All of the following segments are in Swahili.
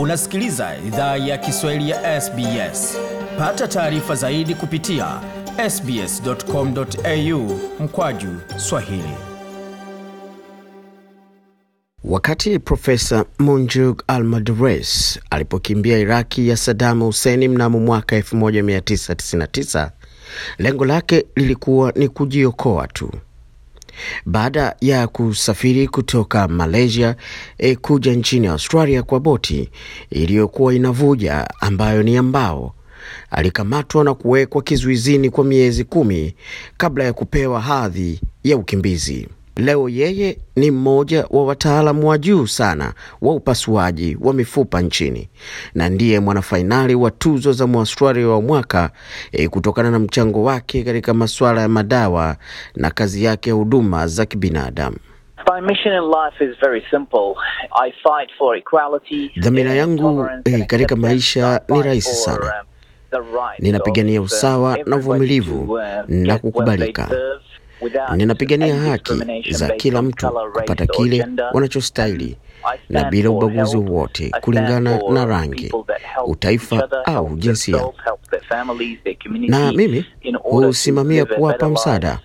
Unasikiliza idhaa ya Kiswahili ya SBS. Pata taarifa zaidi kupitia sbs.com.au mkwaju Swahili. Wakati Profesa Munjug Almadres alipokimbia Iraki ya Sadamu Huseni mnamo mwaka 1999 lengo lake lilikuwa ni kujiokoa tu. Baada ya kusafiri kutoka Malaysia e, kuja nchini Australia kwa boti iliyokuwa inavuja ambayo ni ambao alikamatwa na kuwekwa kizuizini kwa miezi kumi kabla ya kupewa hadhi ya ukimbizi. Leo yeye ni mmoja wa wataalamu wa juu sana wa upasuaji wa mifupa nchini na ndiye mwanafainali wa tuzo za Mwaustralia wa mwaka e, kutokana na mchango wake katika masuala ya madawa na kazi yake ya huduma za kibinadamu. Dhamira yangu eh, katika maisha ni rahisi sana. Um, Ninapigania um, usawa na uvumilivu um, na kukubalika Ninapigania haki za kila mtu kupata kile wanachostahili na bila ubaguzi wowote kulingana na rangi, utaifa au jinsia. Na mimi husimamia kuwapa msaada.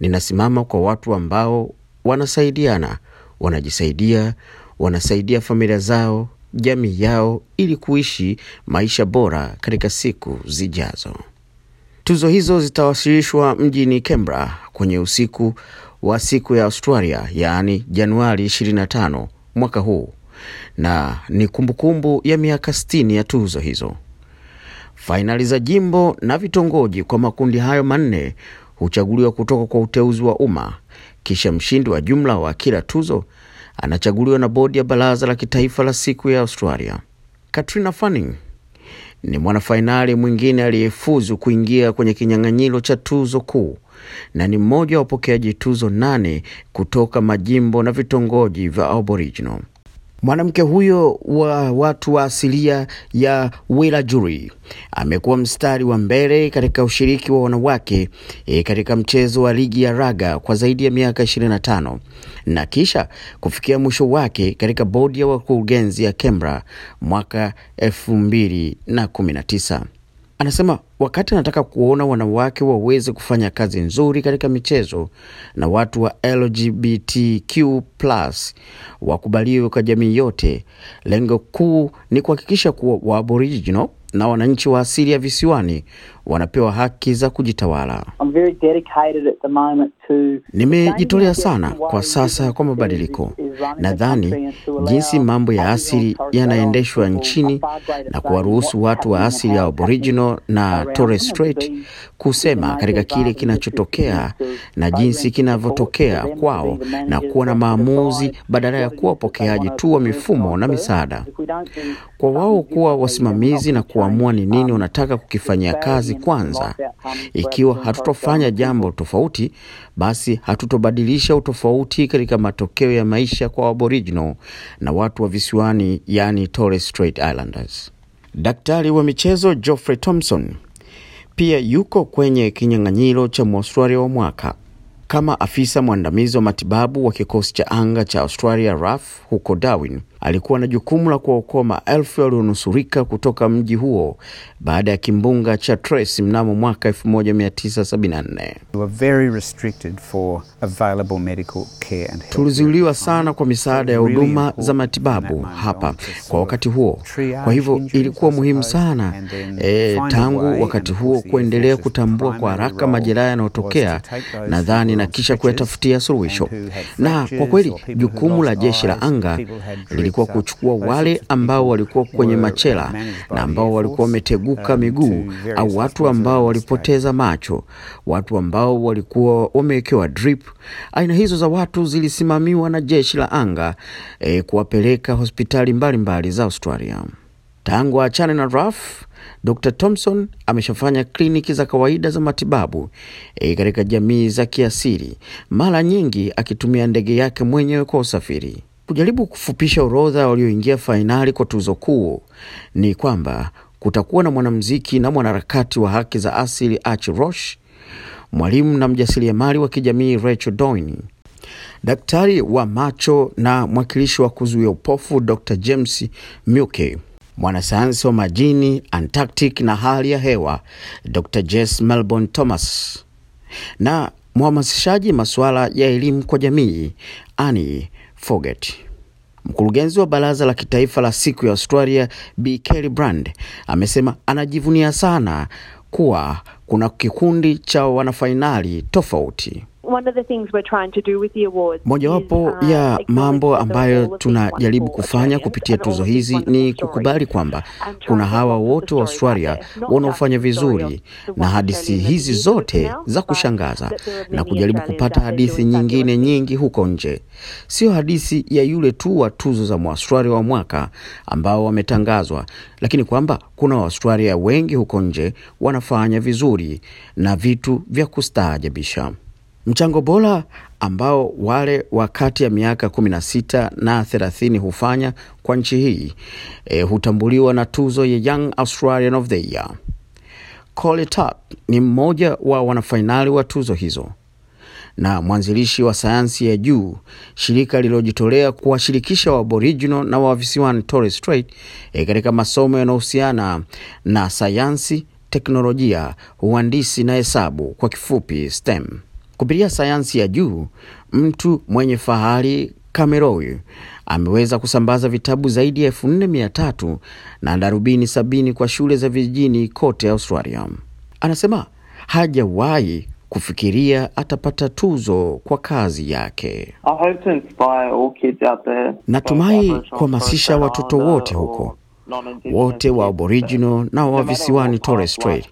Ninasimama kwa watu ambao wanasaidiana, wanajisaidia, wanasaidia familia zao, jamii yao, ili kuishi maisha bora katika siku zijazo. Tuzo hizo zitawasilishwa mjini cambra kwenye usiku wa siku ya Australia, yaani Januari 25 mwaka huu, na ni kumbukumbu kumbu ya miaka 60 ya tuzo hizo. Fainali za jimbo na vitongoji kwa makundi hayo manne huchaguliwa kutoka kwa uteuzi wa umma, kisha mshindi wa jumla wa kila tuzo anachaguliwa na bodi ya baraza la kitaifa la siku ya Australia. Katrina Fanning ni mwanafainali mwingine aliyefuzu kuingia kwenye kinyang'anyiro cha tuzo kuu na ni mmoja wa wapokeaji tuzo nane kutoka majimbo na vitongoji vya Aboriginal. Mwanamke huyo wa watu wa asilia ya Wiradjuri amekuwa mstari wa mbele katika ushiriki wa wanawake e, katika mchezo wa ligi ya raga kwa zaidi ya miaka 25 na kisha kufikia mwisho wake katika bodi ya wakurugenzi ya Canberra mwaka 2019. Anasema wakati anataka kuona wanawake waweze kufanya kazi nzuri katika michezo na watu wa LGBTQ wakubaliwe kwa jamii yote, lengo kuu ni kuhakikisha kuwa Waaboriginal na wananchi wa asili ya visiwani wanapewa haki za kujitawala. Nimejitolea sana kwa sasa kwa mabadiliko. Nadhani jinsi mambo ya asili yanaendeshwa nchini na kuwaruhusu watu wa asili ya Aboriginal na Torres Strait kusema katika kile kinachotokea na jinsi kinavyotokea kwao na kuwa na maamuzi badala ya kuwa wapokeaji tu wa mifumo na misaada, kwa wao kuwa wasimamizi na kuamua ni nini um, wanataka kukifanyia kazi kazi kwanza. Ikiwa hatutofanya jambo tofauti, basi hatutobadilisha utofauti katika matokeo ya maisha kwa Aboriginal na watu wa visiwani, yani Torres Strait Islanders. Daktari wa michezo Geoffrey Thompson pia yuko kwenye kinyang'anyiro cha Mwaustralia wa mwaka kama afisa mwandamizi wa matibabu wa kikosi cha anga cha Australia RAF huko Darwin alikuwa na jukumu la kuwaokoa maelfu yaliyonusurika kutoka mji huo baada ya kimbunga cha Tres mnamo mwaka 1974. Tulizuiliwa sana kwa misaada ya huduma za matibabu hapa kwa wakati huo. Kwa hivyo ilikuwa muhimu sana e, tangu wakati huo kuendelea kutambua kwa haraka majeraha yanayotokea, nadhani na kisha kuyatafutia suluhisho, na kwa kweli jukumu la jeshi la anga ilikuwa kuchukua wale ambao walikuwa kwenye machela na ambao walikuwa wameteguka miguu au watu ambao walipoteza macho, watu ambao walikuwa wamewekewa drip. Aina hizo za watu zilisimamiwa na jeshi la anga e, kuwapeleka hospitali mbalimbali mbali za Australia. Tangu achane na Raf, Dr Thompson ameshafanya kliniki za kawaida za matibabu e, katika jamii za kiasili, mara nyingi akitumia ndege yake mwenyewe kwa usafiri. Kujaribu kufupisha orodha walioingia fainali kwa tuzo kuu ni kwamba kutakuwa na mwanamziki na mwanaharakati wa haki za asili Ach Rosh, mwalimu na mjasiriamali wa kijamii Rachel Doyne, daktari wa macho na mwakilishi wa kuzuia upofu Dr James Muke, mwanasayansi wa majini Antarctic na hali ya hewa Dr Jess Melbourne Thomas na mhamasishaji masuala ya elimu kwa jamii Ani Forget. Mkurugenzi wa baraza la kitaifa la siku ya Australia B Kelly Brand amesema anajivunia sana kuwa kuna kikundi cha wanafainali tofauti. Mojawapo uh, ya mambo ambayo tunajaribu kufanya kupitia tuzo hizi ni kukubali kwamba kuna hawa wote wa Australia wanaofanya vizuri na hadithi hizi zote za kushangaza, na kujaribu kupata hadithi nyingine nyingi huko nje, sio hadithi ya yule tu wa tuzo za Mwaustralia wa mwaka ambao wametangazwa, lakini kwamba kuna waustralia wengi huko nje wanafanya vizuri na vitu vya kustaajabisha. Mchango bora ambao wale wa kati ya miaka 16 na 30 hufanya kwa nchi hii e, hutambuliwa na tuzo ya Young Australian of the Year. Cole ni mmoja wa wanafainali wa tuzo hizo na mwanzilishi wa sayansi ya juu, shirika lililojitolea kuwashirikisha Aboriginal na wa visiwani Torres Strait e, katika masomo yanayohusiana na sayansi, teknolojia, uhandisi na hesabu, kwa kifupi STEM. Kupitia sayansi ya juu, mtu mwenye fahari Kameroi ameweza kusambaza vitabu zaidi ya elfu nne mia tatu na darubini sabini kwa shule za vijijini kote Australia. Anasema hajawahi kufikiria atapata tuzo kwa kazi yake. Natumai kuhamasisha watoto wote huko wote wa Aboriginal na wa visiwani Torres Strait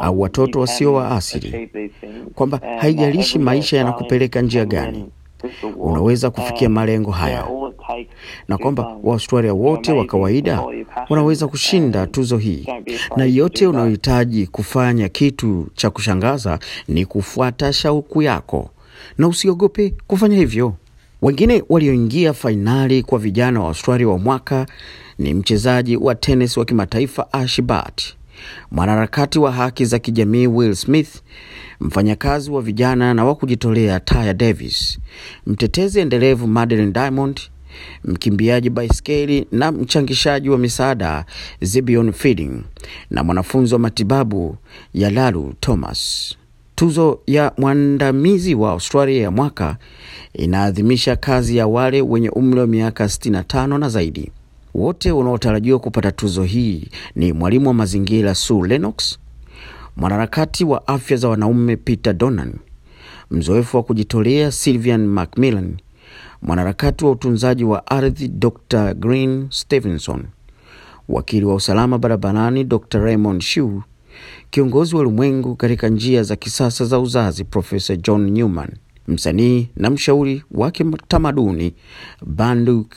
au watoto wasio wa asili, kwamba haijalishi maisha yanakupeleka njia gani, unaweza kufikia malengo haya, na kwamba Waaustralia wote wa kawaida wanaweza kushinda tuzo hii, na yote unayohitaji kufanya kitu cha kushangaza ni kufuata shauku yako, na usiogope kufanya hivyo. Wengine walioingia fainali kwa vijana wa Australia wa mwaka ni mchezaji wa tenis wa kimataifa Ash Bart, mwanaharakati wa haki za kijamii Will Smith, mfanyakazi wa vijana na wa kujitolea Taya Davis, mtetezi endelevu Madeline Diamond, mkimbiaji baiskeli na mchangishaji wa misaada Zibion Fielding na mwanafunzi wa matibabu Yalalu Thomas. Tuzo ya mwandamizi wa Australia ya mwaka inaadhimisha kazi ya wale wenye umri wa miaka 65 na zaidi. Wote wanaotarajiwa kupata tuzo hii ni mwalimu wa mazingira su lenox mwanaharakati wa afya za wanaume Peter Donan, mzoefu wa kujitolea Sylvian Macmillan, mwanaharakati wa utunzaji wa ardhi Dr Green Stevenson, wakili wa usalama barabarani Dr Raymond shu kiongozi wa ulimwengu katika njia za kisasa za uzazi, Profesa John Newman, msanii na mshauri wa kitamaduni Banduk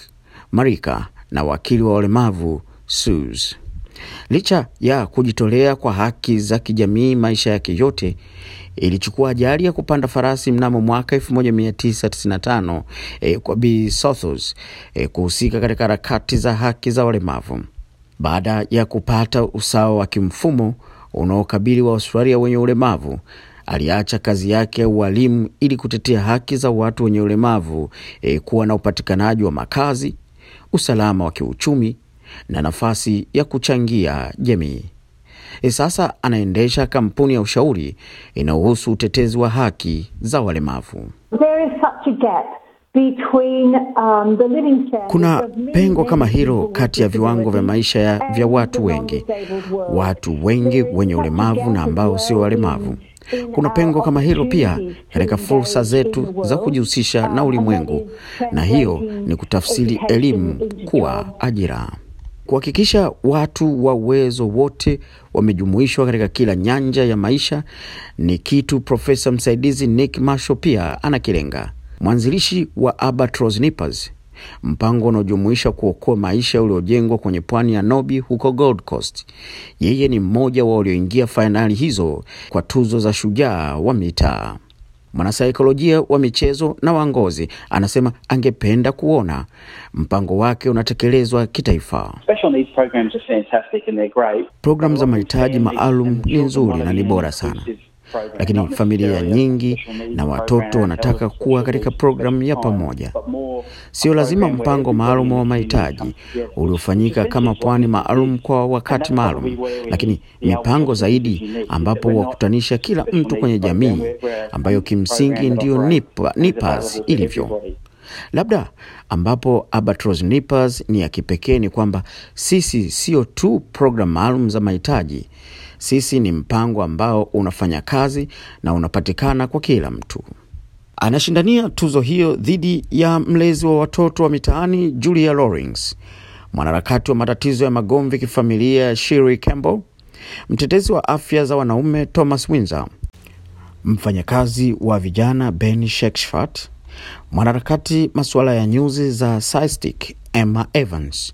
Marika na wakili wa walemavu Sus. Licha ya kujitolea kwa haki za kijamii maisha yake yote, ilichukua ajali ya kupanda farasi mnamo mwaka 1995 eh, kwa b Sothos eh, kuhusika katika harakati za haki za walemavu. Baada ya kupata usawa wa kimfumo, unaokabili wa Australia wenye ulemavu. Aliacha kazi yake ya ualimu ili kutetea haki za watu wenye ulemavu e, kuwa na upatikanaji wa makazi, usalama wa kiuchumi na nafasi ya kuchangia jamii. E, sasa anaendesha kampuni ya ushauri inayohusu utetezi wa haki za walemavu. There is such a gap. Um, Kuna pengo kama hilo kati ya viwango vya maisha ya, vya watu wengi, watu wengi wenye ulemavu na ambao sio walemavu. Kuna pengo kama hilo pia katika fursa zetu za kujihusisha na uh, ulimwengu, na hiyo ni kutafsiri elimu kuwa ajira, kuhakikisha watu wa uwezo wote wamejumuishwa katika kila nyanja ya maisha, ni kitu Profesa msaidizi Nick Marshall pia anakilenga mwanzilishi wa Albatross mpango unaojumuisha kuokoa maisha uliojengwa kwenye pwani ya Nobi huko Gold Coast. Yeye ni mmoja wa walioingia fainali hizo kwa tuzo za shujaa wa mitaa. Mwanasaikolojia wa michezo na wangozi anasema angependa kuona mpango wake unatekelezwa kitaifa. Programu za mahitaji maalum ni nzuri na ni bora sana lakini familia nyingi na watoto wanataka kuwa katika programu ya pamoja. Sio lazima mpango maalum wa mahitaji uliofanyika kama pwani maalum kwa wakati maalum, lakini mipango zaidi ambapo wakutanisha kila mtu kwenye jamii ambayo kimsingi ndiyo nipas ilivyo labda ambapo Albatross Nippers ni ya kipekee ni kwamba sisi sio tu programu maalum za mahitaji sisi ni mpango ambao unafanya kazi na unapatikana kwa kila mtu. Anashindania tuzo hiyo dhidi ya mlezi wa watoto wa mitaani Julia Lawrence, mwanaharakati wa matatizo ya magomvi kifamilia Shiri Campbell, mtetezi wa afya za wanaume Thomas winzer mfanyakazi wa vijana Ben Shekshfat, mwanaharakati masuala ya nyuzi za sistic Emma Evans,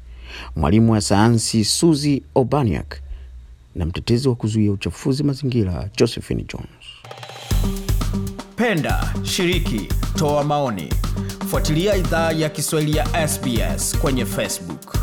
mwalimu wa sayansi Suzi Obaniak na mtetezi wa kuzuia uchafuzi mazingira Josephine Jones. Penda, shiriki, toa maoni. Fuatilia idhaa ya Kiswahili ya SBS kwenye Facebook.